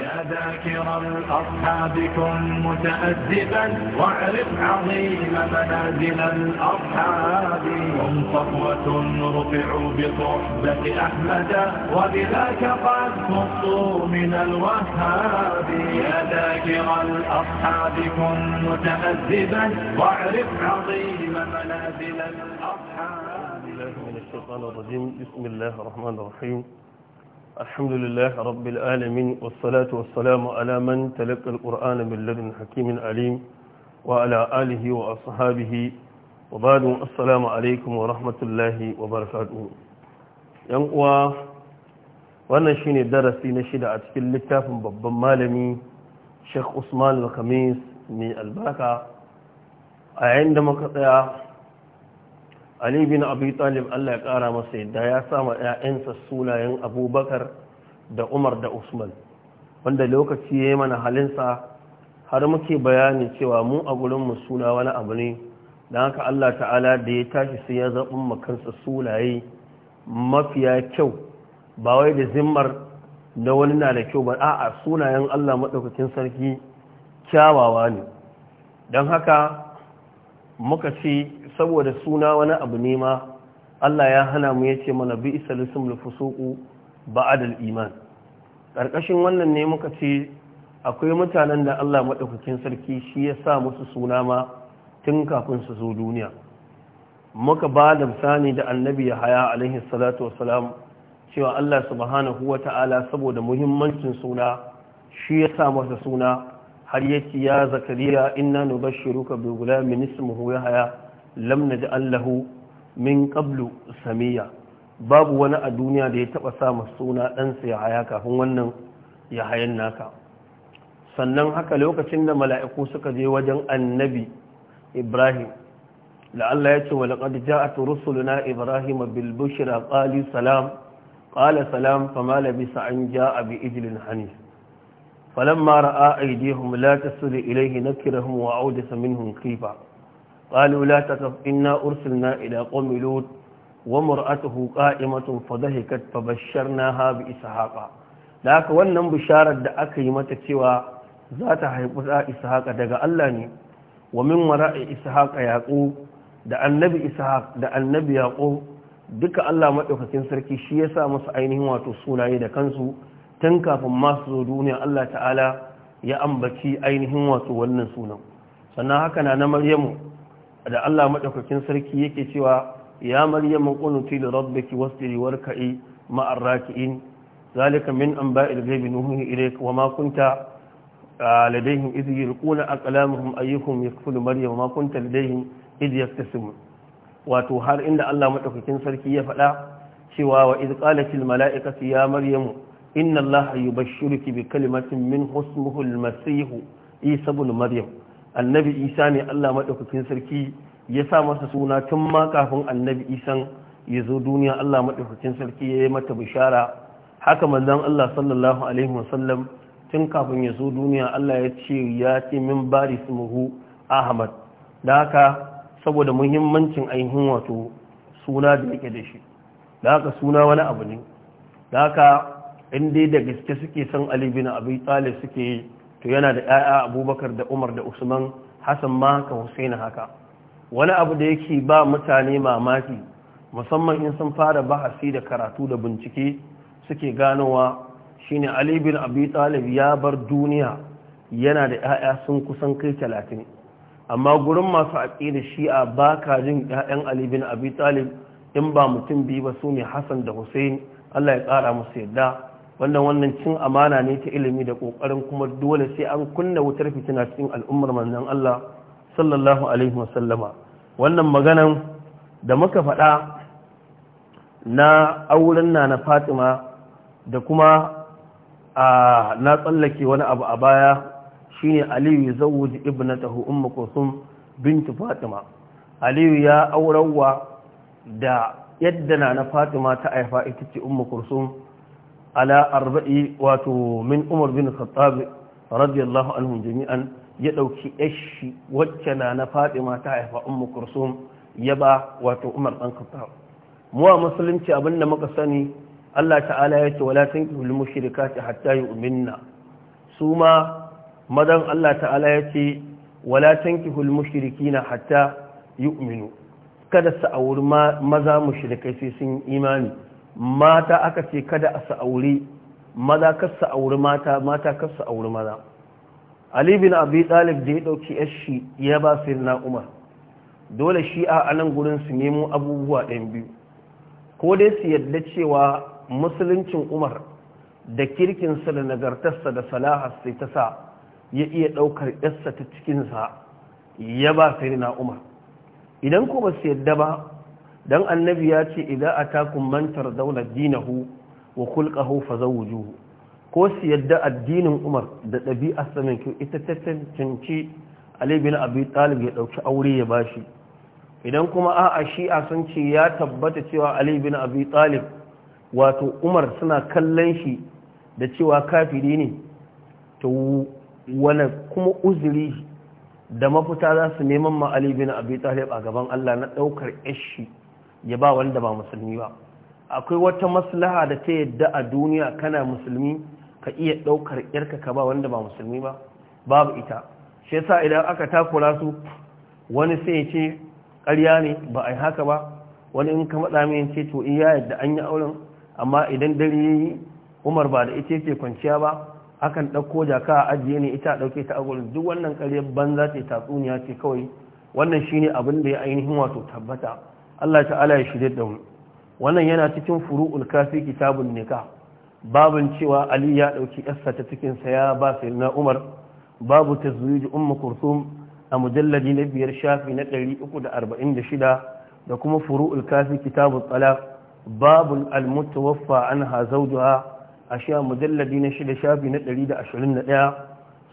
يا ذاكر الأصحاب كن متأدبا واعرف عظيم منازل الأصحاب هم صفوة رفعوا بصحبة أحمد وبذاك قد خصوا من الوهاب يا ذاكر الأصحاب كن متأدبا واعرف عظيم منازل الأصحاب من الشيطان الرجيم بسم الله الرحمن الرحيم الحمد لله رب العالمين والصلاة والسلام على من تلقى القرآن من لدن حكيم عليم وعلى آله وأصحابه وبعد السلام عليكم ورحمة الله وبركاته ينقوى wannan shine darasi na shida a cikin littafin babban malami Sheikh Usman al-Khamis mai albarka a yayin da muka tsaya ali bin abi talib Allah ya kara masa yadda ya sama ƴaƴansa sunayen abubakar da umar da usman wanda lokaci ya yi mana halinsa har muke bayani cewa mu a gurin mu suna wani abu ne don haka Allah ta'ala da ya tashi sai ya mu kansa sunaye mafiya kyau ba wai da zimmar na wani na da kyau ba a sunayen Allah maɗaukakin sarki kyawawa ne don haka muka ce saboda suna wani abu ne ma Allah ya hana mu yace mana bi isalisul fusuqu ba'dal iman karkashin wannan ne muka ce akwai mutanen da Allah madaukakin sarki shi ya sa musu suna ma tun kafin su zo duniya muka ba da misali da annabi ya haya alaihi salatu wassalam cewa Allah subhanahu wata'ala saboda muhimmancin suna shi ya sa masa suna har yace ya zakariya inna nubashshiruka bi ghulamin ismuhu yahya lam naj'al lahu min qablu samiya babu wani a duniya da ya taɓa sa suna ɗansa ya haya kafin wannan ya hayan naka sannan haka lokacin da mala'iku suka je wajen annabi ibrahim la'alla ya ce wa laƙad ja'at rusuluna ibrahim a bushra qali salam qala salam fama labisa an ja'a bi ijlin hanif falamma ra'a aydihum la ilaihi na nakirahum wa awdasa minhum khifa قالوا لا تخف إنا أرسلنا إلى قوم لوط ومرأته قائمة فضحكت فبشرناها بإسحاق لك wannan bisharar da aka yi mata cewa za ta haifi za ishaqa daga Allah ne wa min wara'i ishaqa yaqub da annabi ishaq da annabi yaqub duka Allah madaukakin sarki shi ya sa musu ainihin wato sunaye da kansu tun kafin masu su duniya Allah ta'ala ya ambaci ainihin wato wannan sunan sannan haka na na Maryamu da Allah maɗaukakin sarki yake cewa ya mariya mankunan tilin rabbaki wasu diriwar ka'i ma'ar raki'in zalika min an ba ilgaibi nuhuni ire wa makunta a ah, ladaihin izi yi rikuna a kalamuhun ayyukun ya kufu da mariya wa makunta ladaihin izi ya wato har inda Allah maɗaukakin sarki ya faɗa cewa wa idu ƙalashin mala'ikasi ya mariya mu inna Allah yubashshiruki bi kalimatin min husmuhul masihu isa bin maryam annabi isa ne allah maɗaukakin sarki ya sa masa suna tun ma kafin annabi isa ya zo duniya allah maɗaukakin sarki ya yi mata bishara haka manzan allah sallallahu alaihi wasallam tun kafin ya zo duniya allah ya ce ya ce min bari muhu ahmad da haka saboda muhimmancin ainihin wato suna da yake da shi da haka suna wani abu ne da haka inda da gaske suke son ali bin abi talib suke yi to yana da ƴaƴa abubakar da umar da usman hassan ma ka husaini haka wani abu da yake ba mutane mamaki musamman in sun fara bahasi da karatu da bincike suke ganowa shine ali bin abi talib ya bar duniya yana da ƴaƴa sun kusan kai talatin amma gurin masu aƙida shi'a ba ka jin ƴaƴan ali bin abi talib in ba mutum biyu ba su ne hassan da hussain allah ya ƙara musu yadda wannan wannan cin amana ne ta ilimi da kokarin kuma dole sai an kunna wutar fitina cikin al'ummar manzon Allah sallallahu alaihi wasallama wannan maganan da muka faɗa na auren na na Fatima da kuma a na tsallake wani abu a baya shine Aliyu ya zawuji ibnatahu ummu kusum bintu Fatima Aliyu ya aurawa da yadda na na Fatima ta haifa ita ce ummu Kulsum ala arba'i wato umar bin khattab radiyallahu jami'an ya dauki yashi wacce na na fatima ta haifa ummu kursum ya umar dan khattab mu a musulunci abinda muka sani Allah ta'ala ya ce wala tankihu lil mushrikati hatta yu'minna su ma madan Allah ta'ala ya ce wala tankihu lil mushrikina hatta yu'minu kada su auri maza mushrikai sai sun imani mata aka ce kada a sa'auri maza ka sa'auri mata mata ka sa'auri maza Ali bin Abi Talib da ya dauki shi ya ba na Umar dole shi a anan gurin su nemo abubuwa ɗan biyu ko dai su yadda cewa musuluncin Umar da kirkinsa da nagartarsa da salaha sai ta sa ya iya ɗaukar ƴarsa ta cikinsa ya ba sai na Umar idan ko ba su yadda ba dan annabi ya ce idza atakum man tardawna dinahu wa khulquhu fazawjuhu ko su yadda addinin Umar da ɗabi'ar sa mai ita ta cancanci Ali bin Abi Talib ya ɗauki aure ya ba shi idan kuma a'a shi'a sun ce ya tabbata cewa Ali bin Abi Talib wato Umar suna kallon shi da cewa kafiri ne to wani kuma uzuri da mafuta za su neman ma Ali bin Abi Talib a gaban Allah na daukar yashi ya ba wanda ba musulmi ba akwai wata maslaha da ta yadda a duniya kana musulmi ka iya ɗaukar ƙirka ka ba wanda ba musulmi ba babu ita shi sa idan aka takura su wani sai ya ce ƙarya ne ba a yi haka ba wani in ka maɗa mai ce to iya eh, yadda an yi auren amma idan dare ya yi umar ba da ita ce kwanciya ba akan ɗauko jaka a ajiye ne ita a ɗauke ta agwal duk wannan ƙarya banza ce tatsuniya ce kawai wannan shine abin da ya ainihin wato tabbata Allah ta'ala ya shirye da mu wannan yana cikin furu'ul kafi kitabun nikah babin cewa Ali ya dauki yarsa ta cikin sa ya ba sai na Umar babu tazwij ummu kursum a mujalladi na biyar shafi na 346 da kuma furu'ul kafi kitabut talaq al almutawaffa anha zawjuha a sha mujalladi na shida shafi na 121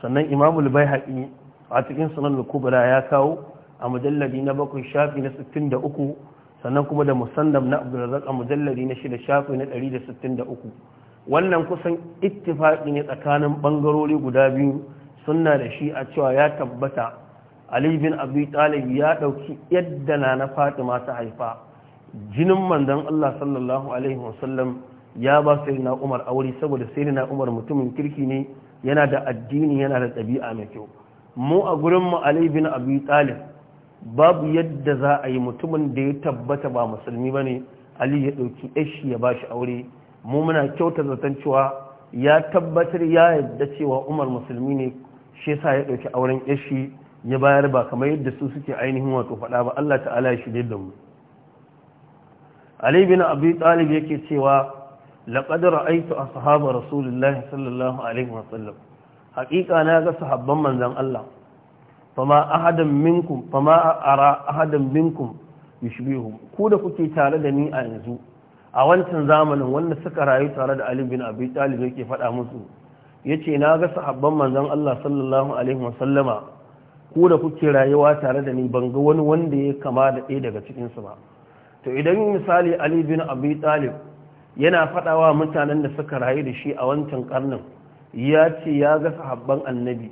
sannan al baihaqi a cikin sunan al-kubra ya kawo a mujalladi na bakwai shafi na 63 sannan kuma da musannam na abdulrazak a mujallari na shida shafi na 163 wannan kusan ittifaƙi ne tsakanin ɓangarori guda biyu suna da shi a cewa ya tabbata ali bin abi talib ya ɗauki yadda na na fatima ta haifa jinin manzon allah sallallahu alaihi wasallam ya ba sai na umar aure saboda sai na umar mutumin kirki ne yana da addini yana da ɗabi'a mai kyau mu a gurin mu ali bin abi talib babu yadda za a yi mutumin da ya tabbata ba musulmi ba ne ali ya ɗauki ashi ya ba shi aure mu muna kyauta zaton cewa ya tabbatar ya yadda cewa umar musulmi ne shi yasa ya ɗauki auren ashi ya bayar ba kamar yadda su suke ainihin wato faɗa ba Allah ta'ala ya shirye da mu Ali bin Abi Talib yake cewa laqad ra'aytu ashabar rasulillahi sallallahu alaihi wa sallam haƙiƙa na ga sahabban manzon Allah fama ahadan minkum fama ara ahadan minkum yushbihu ku da kuke tare da ni a yanzu a wancan zamanin wanda suka rayu tare da Ali bin Abi Talib yake faɗa musu yace na ga sahabban manzon Allah sallallahu alaihi wasallama ku da kuke rayuwa tare da ni ban ga wani wanda ya kama da ɗaya daga cikin su ba to idan misali Ali bin Abi Talib yana faɗawa mutanen da suka rayu da shi a wancan karnin ya ce ya ga sahabban annabi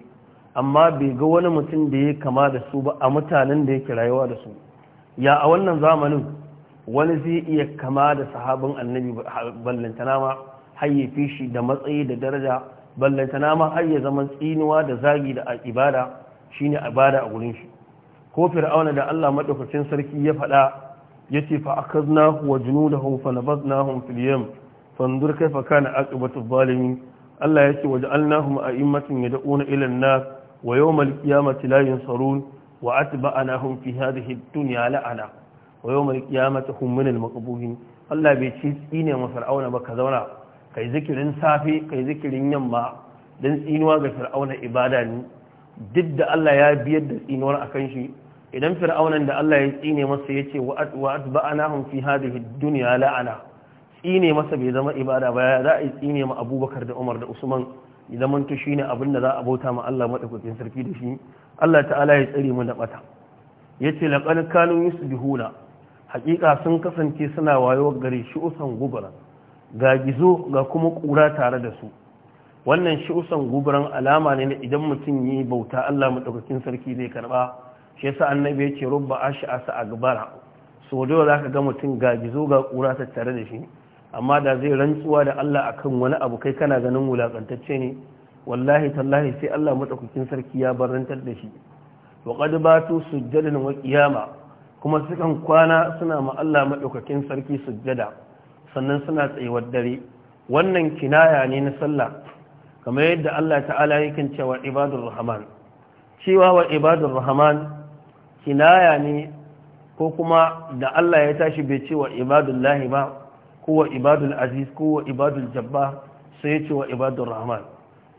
amma bai ga wani mutum da ya kama da su ba a mutanen da yake rayuwa da su ya a wannan zamanin wani zai iya kama da sahabin annabi ballantana ma da matsayi da daraja ballantana ma har zama tsinuwa da zagi da ibada shine ibada a gurin shi ko fir'auna da Allah madaukakin sarki ya faɗa yace fa akaznahu wa junudahu fa nabadnahum fil yam fandur kayfa kana aqibatu zalimin Allah yace waja'alnahum a'immatin yad'una ila an-nas ويوم القيامة لا ينصرون وأتبعناهم في هذه الدنيا لعنة ويوم القيامة هم من المقبوهين الله بيتشيس إيني وفرعون بكذونا كي ذكر سافي كي ذكر ينمع دن إينوا بفرعون إباداني ضد الله يا بيد إينوا أكنشي idan fir'aunan da Allah ya tsine masa yace wa atba'anahum fi hadhihi ad-dunya la'ana tsine masa bai zama ibada ba za a tsine ma Abubakar da Umar da Usman ya manta shi ne abin da za a bauta ma Allah maɗaukakin sarki da shi Allah ta'ala ya tsare mu da ɓata ya ce laƙar kanun bi haƙiƙa sun kasance suna wayo gare shi usan gubara ga gizo ga kuma ƙura tare da su wannan shi usan guburan alama ne na idan mutum yi bauta Allah maɗaukakin sarki zai karɓa shi yasa annabi ya ce rubba ashi asa a gabara so dole za ka ga mutum ga gizo ga ƙura tattare da shi amma da zai rantsuwa da Allah akan wani abu kai kana ganin wulakantacce ne wallahi tallahi sai Allah madaukakin sarki ya barantar da shi wa qad batu sujjadan wa qiyama kuma sukan kwana suna ma Allah madaukakin sarki sujjada sannan suna tsayuwar dare wannan kinaya ne na sallah kamar yadda Allah ta'ala yake cewa ibadur rahman cewa wa ibadur rahman kinaya ne ko kuma da Allah ya tashi bai cewa ibadullahi ba Kowa wa ibadul aziz ko ibadul jabbar sai ya ce wa rahman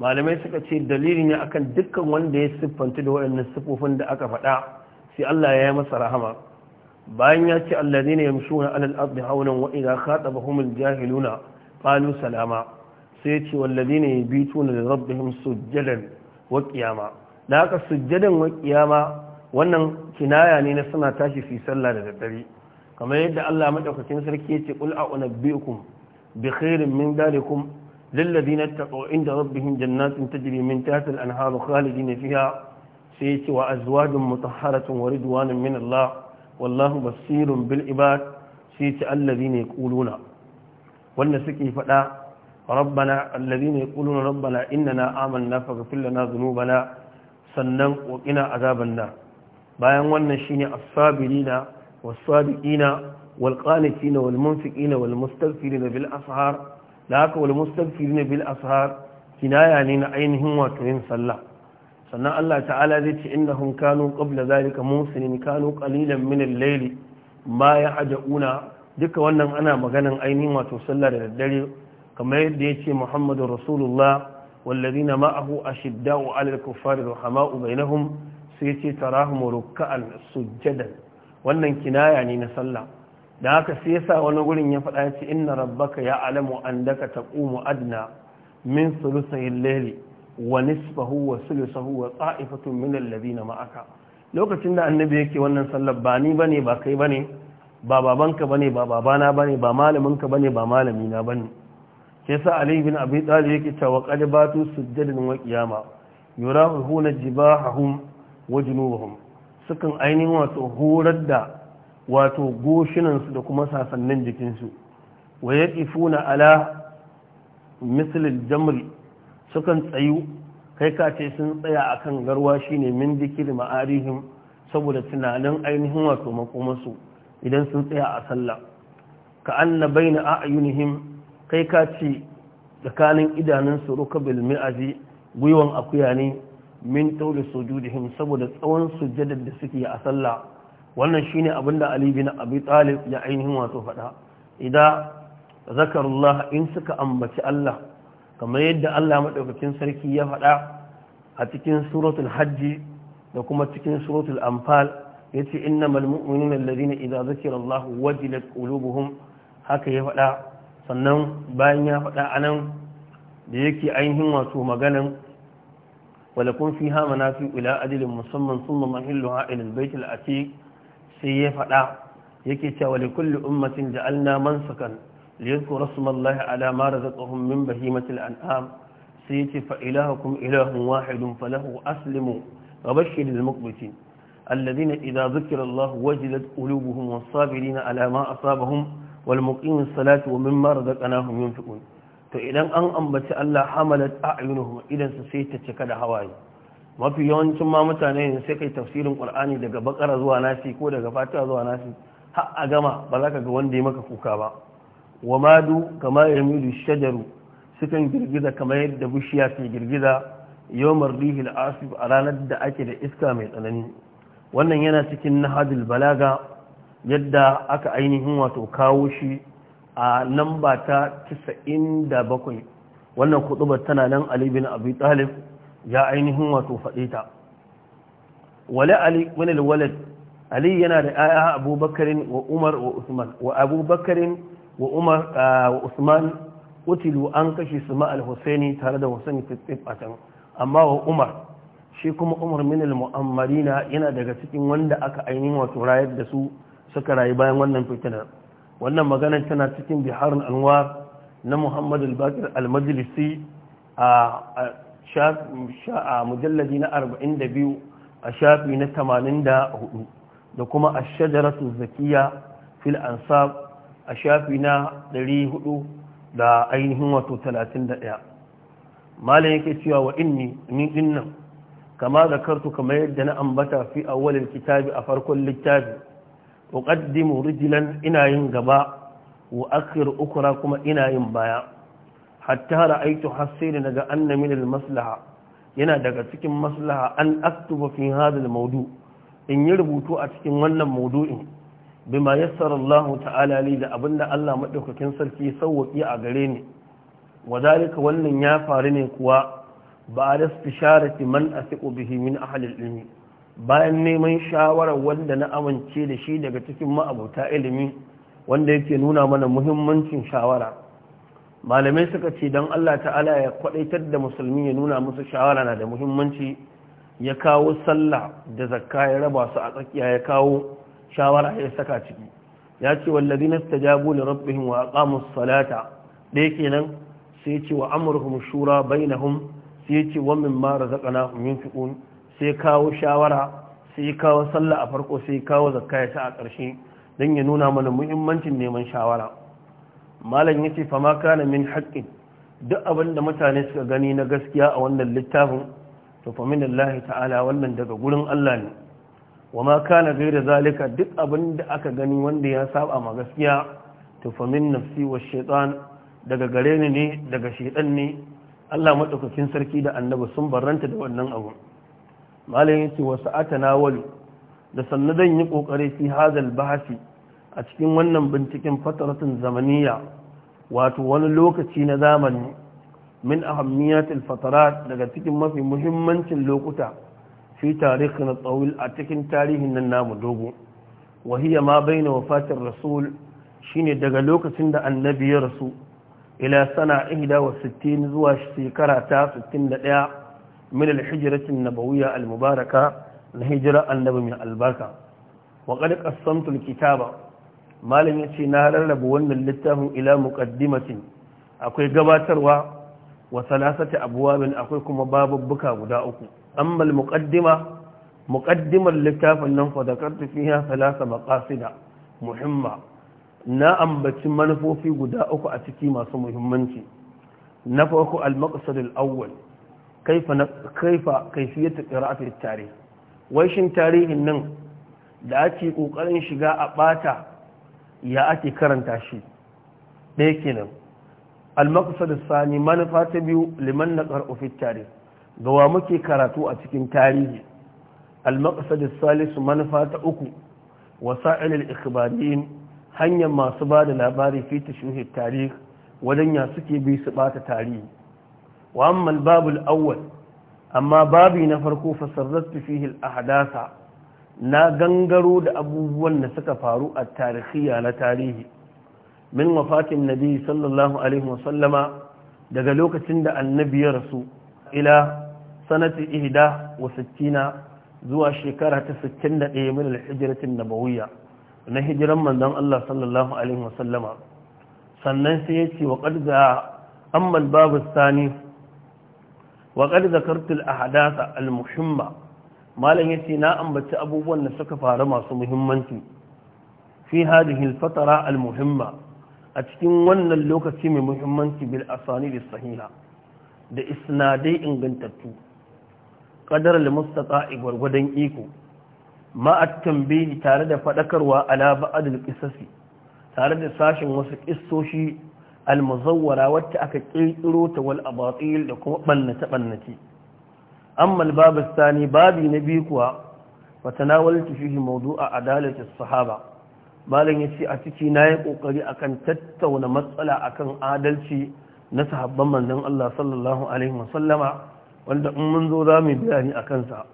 malamai suka ce dalili ne akan dukkan wanda ya siffanta da waɗannan siffofin da aka faɗa sai Allah ya yi masa rahama bayan ya ce allah alladhina yamshuna alal ardi hawlan wa idha khatabahumul jahiluna qalu salama sai ya bi tuna da li rabbihim sujjadan wa qiyama da haka sujjadan wa qiyama wannan kinaya ne na suna tashi fi sallah da daddare kamar yadda Allah madaukakin sarki yace qul a'unabbiukum bi khairin min dalikum lilladheena ittaqaw inda rabbihim jannatin tajri min tahtiha al-anharu khalidina fiha sai yace wa azwajun mutahharatun wa ridwanun min Allah wallahu basirun bil ibad sai yace alladheena yaquluna wanda suke fada rabbana alladheena yaquluna rabbana innana amanna faghfir lana dhunubana sannan wa qina azaban nar bayan wannan shine as-sabirina والصادقين والقانتين والمنفقين والمستغفرين بالأسهار لك والمستغفرين بالأسهار كناية لنا عينهم وتوين صلى سنة الله تعالى ذات إنهم كانوا قبل ذلك موسنين كانوا قليلا من الليل ما يعجؤون duka wannan ana maganan ainihin wato sallah da daddare kamar yadda ya ce muhammadu rasulullah wallazina ma'ahu ashidda'u 'alal kuffari rahama'u bainahum sai ya ce tarahum ruk'an sujjadan wannan kinaya ne na sallah da haka sai yasa wani gurin ya faɗa ce inna rabbaka ya alamu andaka daka taqumu adna min thuluthay al-layli wa nisfahu wa thuluthahu wa ta'ifatun min alladhina ma'aka lokacin da annabi yake wannan sallar ba ni bane ba kai bane ba babanka bane ba babana bane ba malaminka bane ba malamina bane sai sa ali bin abi talib yake cewa qad batu sujjadan wa qiyama yurahuna jibahahum wa junubahum sukan ainihin wato horar da wato goshinansu da kuma sasannin jikinsu wa ya funa ala misalin jamri sukan tsayu kai kace sun tsaya akan garwa shine min dikir ma'arihim saboda tunanin ainihin wato makomasu idan sun tsaya a sallah ka anna baina a'yunihim kai kace tsakanin idanunsu rukabil mi'azi gwiwan akuya ne min tawli sujudihim saboda tsawon sujjadar da suke a sallah wannan shine abinda Ali bin Abi Talib ya ainihin wato faɗa idan zakarullah in suka ambaci Allah kamar yadda Allah madaukakin sarki ya faɗa a cikin suratul hajji da kuma cikin suratul anfal yace innamal mu'minuna alladhina idza zukira Allah wajilat qulubuhum haka ya faɗa sannan bayan ya faɗa anan da yake ainihin wato maganan walakun fi ha manafi ila adilin musamman sun mamahillu ha'ilin baitul atiq sai ya faɗa yake cewa likulli ummatin ja'alna mansakan liyadhkuru rasulullahi ala ma razaqahum min bahimatil an'am sai yace fa ilahukum ilahun wahidun falahu aslimu wa bashshiril muqbitin alladhina idza dhukira Allah wajilat qulubuhum was-sabirina ala ma asabahum wal muqimin salati wa mimma to idan an ambaci Allah hamalat a'yunuhum idan su sai ta cika da hawaye mafi yawancin ma mutane ne sai kai tafsirin Qur'ani daga bakara zuwa nasi ko daga fatiha zuwa nasi har a gama ba za ka ga wanda ya maka kuka ba wa madu kama yamidu shajaru sukan girgiza kamar yadda bishiya ke girgiza yawmar rihil asif a ranar da ake da iska mai tsanani wannan yana cikin nahadul balaga yadda aka ainihin wato kawo shi a ba ta 97 wannan kutubar tana nan Ali bin Talib ya ainihin wato faɗe ta wale Ali wani walad Ali yana da yaya Abubakar wa Umar wa Usman wa abubakarin wa Umar wa Usman utilu an kashe su ma'al al-Husaini tare da Husaini fitif a can amma wa Umar shi kuma Umar min al-Mu'ammarina yana daga cikin wanda aka ainihin wato rayar da su suka rayu bayan wannan fitinar wannan maganar tana cikin biharin anwar na muhammadu al-bakir al-majlisi a mujalladi na 42 a shafi na 84 da kuma a shajaratu zakiya fil ansab a shafi na 400 da ainihin wato 31 malin yake cewa wa inni ni dinnan kama zakartu kamar yadda na ambata fi awwalil kitabi a farkon littafi uqaddimu rijlan ina yin gaba wa akhir ukra kuma ina yin baya hatta ra'aytu hasira daga anna min al-maslaha yana daga cikin maslaha an aktuba fi hadha al-mawdu in yi rubutu a cikin wannan mawdu'in bima yassara Allah ta'ala li da abinda Allah madaukakin sarki sauwaki a gare ni wadalika wannan ya faru ne kuwa ba da istisharati man asiqu bihi min ahli al-ilmi bayan neman shawarar wanda na amince da shi daga cikin ma'abuta ilimi wanda yake nuna mana muhimmancin shawara malamai suka ce don Allah ta'ala ya kwadaitar da musulmi ya nuna musu shawara na da muhimmanci ya kawo sallah da zakka ya raba su a tsakiya ya kawo shawara ya saka ciki ya ce wallazi na stajabu da rabbihin wa aqamus salata da yake nan? sai ya ce wa amruhum shura bainahum sai ce wa mimma razaqnahum yunfiqun sai kawo shawara sai kawo sallah a farko sai kawo zakka ya a ƙarshe don ya nuna mana muhimmancin neman shawara malam ya ce fama kana min haƙƙin duk abin da mutane suka gani na gaskiya a wannan littafin to famin min Allah ta'ala wannan daga gurin Allah ne wa ma kana gaira zalika duk abin da aka gani wanda ya saba ma gaskiya to famin nafsi wa shaitan daga gare ni ne daga shaitan ne Allah madaukakin sarki da annabi sun barranta da wannan abu malam yace wasu atana da sannu zan yi kokari fi hadal bahasi a cikin wannan binciken fataratun zamaniya wato wani lokaci na zamani min ahammiyatil fatarat daga cikin mafi muhimmancin lokuta fi tarihin tsawil a cikin tarihin nan namu dogo wahiya وهي ما بين وفاة الرسول شين دقلوك سند النبي رسول إلى سنة zuwa وستين ta سيكرة da ɗaya. Minal min na Bawuya almubaraka na hijira annabi mai albarka wa qad Kitaba. alkitaba malam yace na rarraba wannan littafin ila muqaddimatin akwai gabatarwa wa salasati abwabin akwai kuma babu babubbuka guda uku Ammal almuqaddima muqaddimar littafin nan Fadakar zakartu fiha salasa maqasida muhimma na ambaci manufofi guda uku a ciki masu muhimmanci na farko al-maqsadul awwal kaifa na kaifa kaifiyatu qira'atul wai shin tarihin nan da ake ƙoƙarin shiga a ɓata ya ake karanta shi ɗaya kenan Almakasar da sani manufa ta biyu liman na fi tarih gawa muke karatu a cikin tarihi Almakasar da salisu manufa ta uku wasa'il al-ikhbariyin hanyar masu ba da labari fi tashuhi tarihi, wajen ya suke bi su bata tarihi wa ammal babul awwal amma babi na farko fasarratu fihi al-ahdatha na gangaro da abubuwan da suka faru a tarihiya na tarihi min wafatin nabi sallallahu daga lokacin da annabi ya rasu ila sanati ihida wa sittina zuwa shekara ta 61 min al-hijratin nabawiyya na hijiran manzon Allah sallallahu sannan sai ya ce wa qad za babu sani Waƙar qad a hadasa, al-muhimma malam ce na ambaci abubuwan da suka faru masu muhimmanci fi hadhihi al-fatara al-muhimma a cikin wannan lokaci mai muhimmanci bil asanid sahiha da isnadai ingantattu Ƙadar al igwargwadon iko ma'at tambayi tare da fadakarwa ala ba'd al tare da sashin wasu kissoshi almazawara wacce aka ƙirƙiro ta wal abatil da kuma ɓannace-ɓannace amma babu sani babi na biyu kuwa wa tanawaltu fihi a adalati as-sahaba malam ce a ciki na yi ƙoƙari akan tattauna matsala akan adalci na sahabban manzon Allah sallallahu alaihi wasallama wanda in mun zo zamu ni a kansa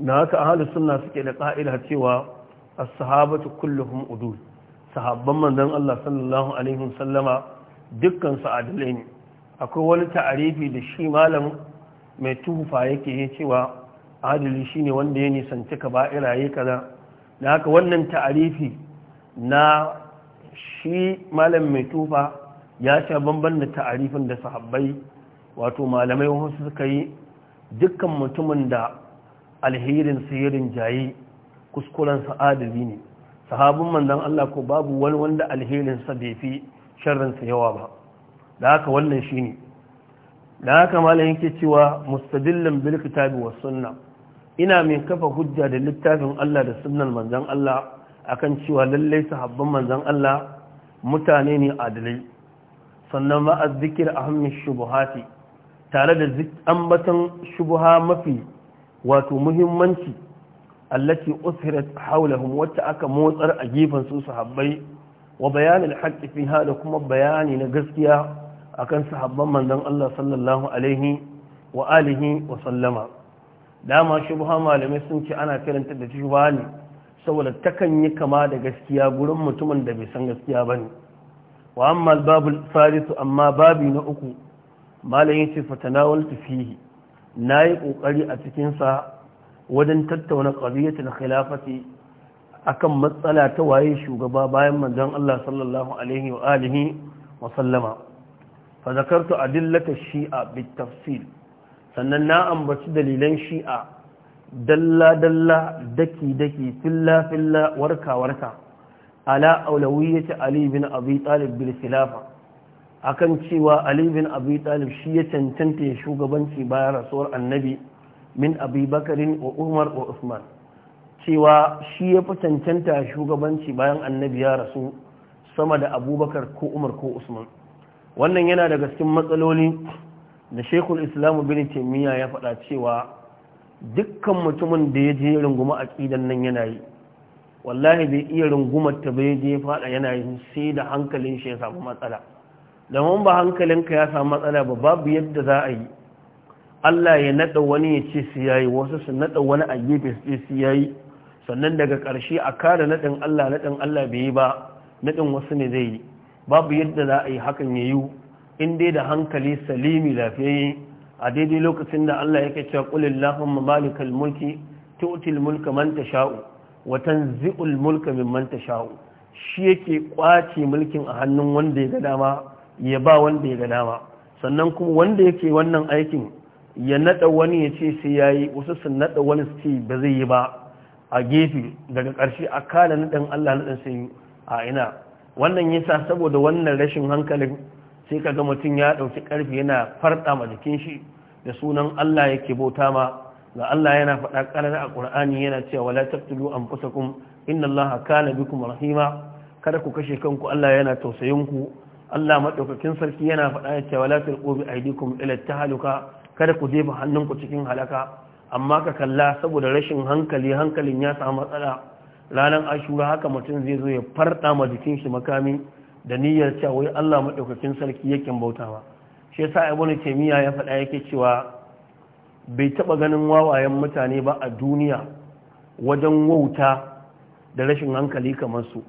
na haka ahalus sunna suke da ƙa'ida cewa a sahabatu kullum udul sahabban manzon Allah sallallahu alaihi wasallama dukkan su adalai ne akwai wani ta'arifi da shi malam mai tufa yake ya cewa adali ne wanda ya nisanci ka ba'ira ya kaza da haka wannan ta'arifi na shi malam mai tufa ya sha bamban da ta'arifin da sahabbai wato malamai wasu suka yi dukkan mutumin da alherin sirrin jaye kuskuren adali ne sahabin manzon Allah ko babu wani wanda alherin sa bai fi sharrinsa yawa ba da haka wannan shi ne da haka malam yake cewa mustadillan bilkitabi wa sunna ina mai kafa hujja da littafin Allah da sunnar manzan Allah akan cewa lallai sahabban manzan Allah mutane ne adalai sannan ma azzikir ahammi shubuhati tare da ambatan shubuha mafi wato muhimmanci allati usirat hawlahum wacce aka motsar a gefen su sahabbai wa bayanin haƙƙi fi da kuma bayani na gaskiya akan sahabban manzon Allah sallallahu alaihi wa alihi wa sallama dama shubha malamai sun ce ana karanta da shi ne saboda takan yi kama da gaskiya gurin mutumin da bai san gaskiya bane wa amma babul salisu amma babi na uku malamin ce fatanawaltu Na nayi ƙoƙari a cikin sa wajen tattauna qadiyatul khilafati akan matsala ta waye shugaba bayan manzon Allah sallallahu alaihi wa alihi wa sallama fa zakartu adillata shi'a bitafsil sannan na ambaci dalilan shi'a dalla dalla daki daki filla filla warka warka ala aulawiyyati ali bin abi talib bil khilafa akan cewa ali bin abi talib shi ya cancanta ya shugabanci bayan rasuwar annabi min abi bakarin wa umar wa usman cewa shi ya fi cancanta shugabanci bayan annabi ya rasu sama da abubakar ko umar ko usman wannan yana daga cikin matsaloli da shekul islamu bin taimiyya ya faɗa cewa dukkan mutumin da ya je runguma ƙidan nan yana yi wallahi bai iya rungumar ta bai je faɗa yana yi sai da hankalin shi ya samu matsala domin ba hankalinka ya samu matsala ba babu yadda za a yi Allah ya naɗa wani ya ce su yayi wasu su naɗa wani a gefe su ce su yayi sannan daga ƙarshe a kada naɗin Allah naɗin Allah bai yi ba naɗin wasu ne zai yi babu yadda za a yi hakan ya yi in dai da hankali salimi lafiyayi a daidai lokacin da Allah yake cewa ƙulin lafin mamalikal mulki tu'til mulka man sha'u watan zi'ul mulka min manta sha'u shi yake ƙwace mulkin a hannun wanda ya ga dama ya ba wanda ya ga dama sannan kuma wanda yake wannan aikin ya naɗa wani ya ce sai ya yi wasu sun naɗa wani su ce ba zai yi ba a gefe daga ƙarshe a kala na ɗan Allah na ɗan sai a ina wannan sa saboda wannan rashin hankalin sai kaga mutum ya ɗauki ƙarfi yana farɗa ma jikin shi da sunan Allah yake bauta ma ga Allah yana faɗa ƙarar a ƙur'ani yana cewa wala taqtulu anfusakum inna Allah kana bikum rahima kada ku kashe kanku Allah yana tausayin ku Allah madaukakin sarki yana faɗa cewa wala tulqu bi aydikum ila haluka." kada ku jefa hannunku cikin halaka amma ka kalla saboda rashin hankali hankalin ya samu matsala ranar ashura haka mutum zai zo ya farta ma jikin shi makami da niyyar cewa wai Allah madaukakin sarki yake bautawa shi yasa ibn Taymiyyah ya faɗa yake cewa bai taba ganin wawayen mutane ba a duniya wajen wauta da rashin hankali kamar su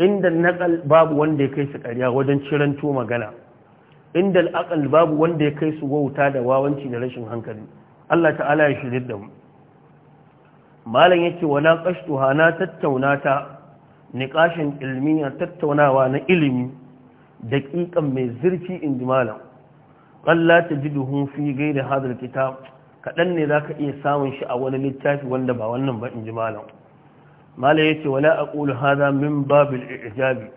inda naqal babu wanda ya kai su ƙarya wajen ciranto magana inda al'aqal babu wanda ya kai su wauta da wawanci da rashin hankali Allah ta'ala ya shirye da mu malam yake wala qashtu hana tattauna ta niqashin ilmiya tattaunawa na ilimi daƙiƙan mai zurfi in ji malam qalla tajiduhu fi ghairi hadha alkitab kadan ne zaka iya samun shi a wani littafi wanda ba wannan ba in ji malam malam yace wala aqulu hadha min babil ijabi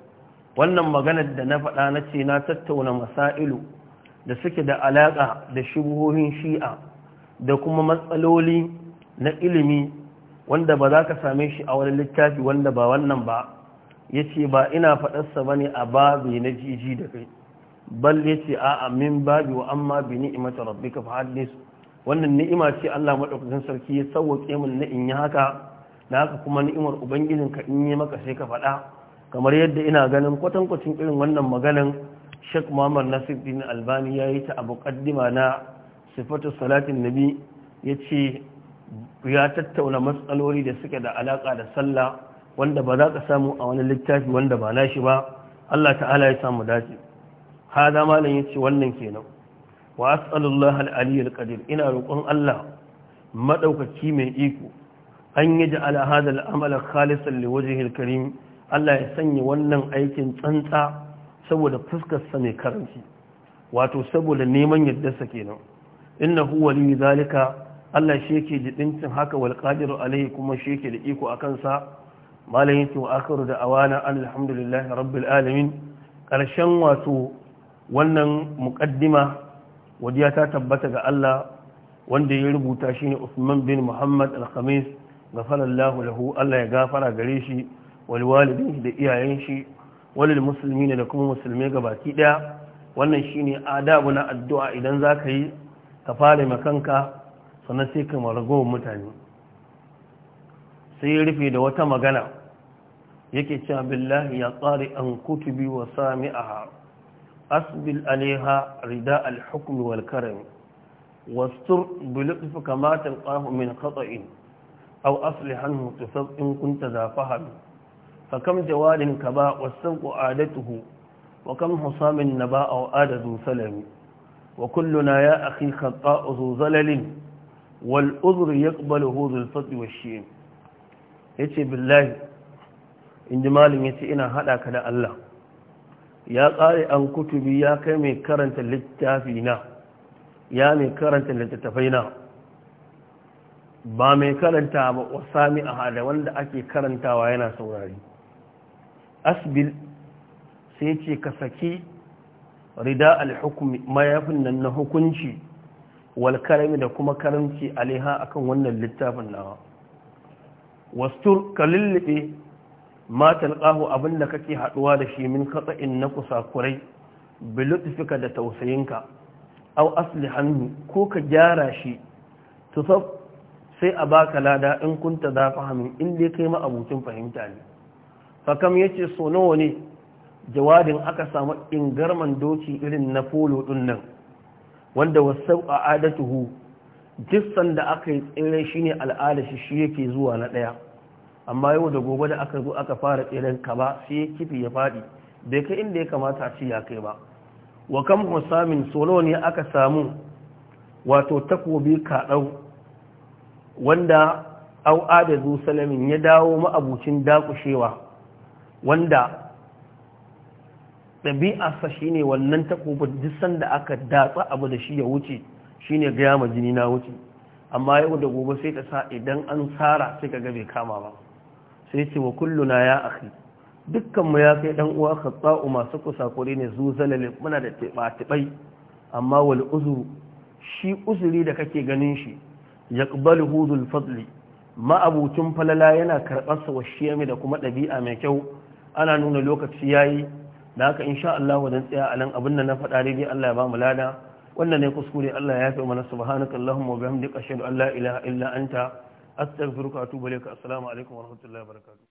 wannan maganar da na faɗa na ce na tattauna masailu da suke da alaƙa da shubuhohin shi'a da kuma matsaloli na ilimi wanda ba za ka same shi a wani littafi wanda ba wannan ba ya ce ba ina faɗarsa ba ne a babi na jiji da kai bal ya ce a amin babi wa amma bi ni'imata rabbika fa hadis wannan ni'ima ce Allah madaukakin sarki ya sauke min na in yi haka da haka kuma ni'imar ka in yi maka sai ka faɗa kamar yadda ina ganin kwatankwacin irin wannan maganan Sheikh Muhammad Nasir Din Albani ya yi ta a kaddima na sifatu salatin nabi ya ce ya tattauna matsaloli da suke da alaƙa da sallah wanda ba za ka samu a wani littafi wanda ba shi ba Allah ta'ala ya samu dace hada malam yace wannan kenan wa as'alullah al-aliyyul qadir ina roƙon Allah madaukaki mai iko an yaji ala hada al-amala khalisan liwajhil karim Allah ya sanya wannan aikin tsantsa saboda fuskar sa mai karanci wato saboda neman yaddarsa kenan innahu wali zalika Allah shi yake jidincin haka wal qadiru alaihi kuma shi yake da iko akan sa malayin to akhiru da awana alhamdulillahi rabbil alamin karshen wato wannan muqaddima wadiya ta tabbata ga Allah wanda ya rubuta shine Usman bin Muhammad al-Khamis ghafarallahu lahu Allah ya gafara gare shi wal walidin da iyayen shi walil muslimina da kuma musulmai gabaki daya wannan shine adabu na addu'a idan zaka yi ka fara makanka sannan sai ka maragowar mutane sai ya rufe da wata magana yake cewa billahi ya tsari an kutubi wa sami aha asbil alaiha rida alhukumi wal karami wastur bilutufu kamatar ƙafu min katsa'in au asli hannu tusar in kunta zafi hannu fakam jawarin ka ba wasan ku adatuhu wa husamin na ba a adadu salami وكلنا يا أخي خطاء ذو زلل والأذر يقبله ذو الفضل والشيم يتي بالله إن جمال يتي إنا هداك دا الله يا قارئ أن كتبي يا كمي كرنت للتافينا يا مي كرنت للتتفينا ba mai karanta ba wasami a hada wanda ake karantawa yana saurari asbil sai ce ka saki rida alhukumi mayafin nan na hukunci walkarami da kuma karamci alaiha akan wannan littafin nawa wastur ka lullube ƙahu talqahu abinda kake haduwa da shi min katsa'in na kusa kurai. lutfika da tausayinka aw hannu. ko ka gyara shi tusab sai a baka lada in kunta za fahimin in dai kai ma abucin fahimta ne fa ya yace so nawa ne jawadin aka samu ingarman doki irin na folo din nan wanda wasu adatuhu jissan da aka yi tsere shine al'ada shi shi yake zuwa na ɗaya, amma yau da gobe da aka zo aka fara tseren kaba sai ya kifi ya faɗi, bai kai inda ya kamata a ci ya kai ba wa kam musamin solo ne aka samu wato takobi kaɗau wanda au adadu salamin ya dawo ma'abucin dakushewa wanda ɗabi'arsa shi ne wannan takobin duk sanda aka datsa abu da shi ya wuce shi ne gaya ma jini na wuce amma yau da gobe sai ta sa idan an tsara sai ka gabe kama ba sai ce wa kulluna ya akhi dukkanmu ya kai dan uwa khatsa'u masu kore ne zu zalale muna da tibai amma wal uzuru. shi uzuri da kake ganin shi yaqbalu huzul fadli ma'abucin falala yana karɓarsa wa mai da kuma ɗabi'a mai kyau ana nuna lokaci yayi da haka insha Allah wajen tsaya a nan abin da na faɗa daidai Allah ya ba mu lada wannan ne kuskure Allah ya yafe mana subhanaka allahumma wa bihamdika ashhadu an la ilaha illa anta astaghfiruka wa atubu ilaik assalamu alaikum wa rahmatullahi wa barakatuh